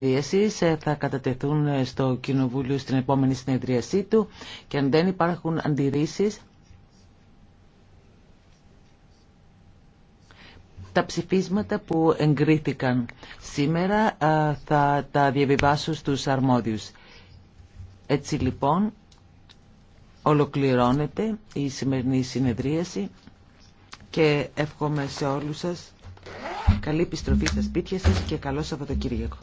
Ε, θα κατατεθούν ε, στο Κοινοβούλιο στην επόμενη συνεδρίασή του και αν δεν υπάρχουν αντιρρήσεις τα ψηφίσματα που εγκρίθηκαν σήμερα ε, θα τα διαβιβάσω στους αρμόδιους. Έτσι λοιπόν ολοκληρώνεται η σημερινή συνεδρίαση και εύχομαι σε όλους σας καλή επιστροφή στα σπίτια σας και καλό Σαββατοκύριακο.